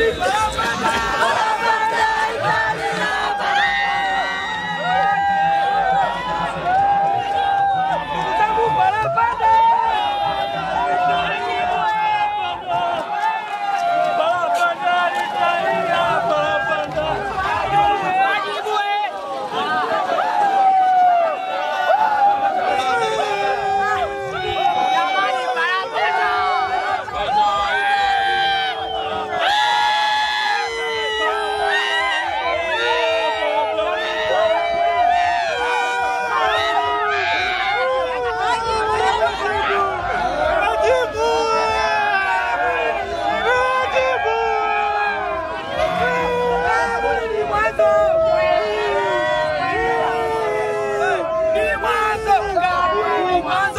Anybody? 你管着，我不管着；我管着，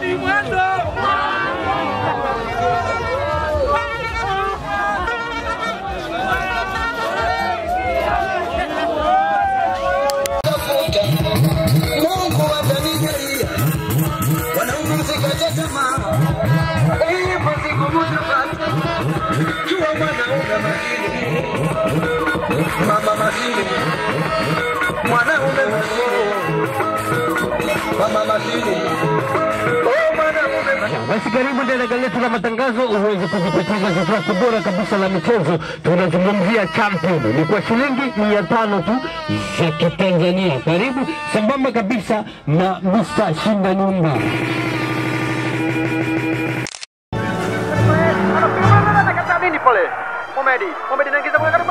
你管着。Basi karibu ndani la matangazo uweze kujipatia gazeti bora kabisa la michezo. Tunazungumzia champion, ni kwa shilingi mia tano tu za Kitanzania. Karibu sambamba kabisa na Mr. Shinda Nyumba. Momedi, Momedi naingiza kwa karibu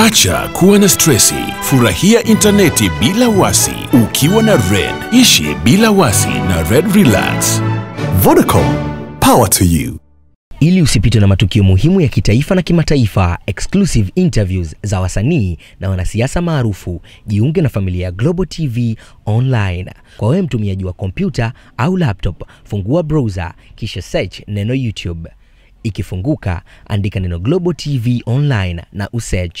Acha kuwa na stresi, furahia intaneti bila wasi ukiwa na Red. Ishi bila wasi na Red Relax. Vodacom, power to you. Ili usipitwe na matukio muhimu ya kitaifa na kimataifa, exclusive interviews za wasanii na wanasiasa maarufu, jiunge na familia ya Global TV Online. Kwa wewe mtumiaji wa kompyuta au laptop, fungua browser kisha search neno YouTube. Ikifunguka, andika neno Global TV Online na usearch.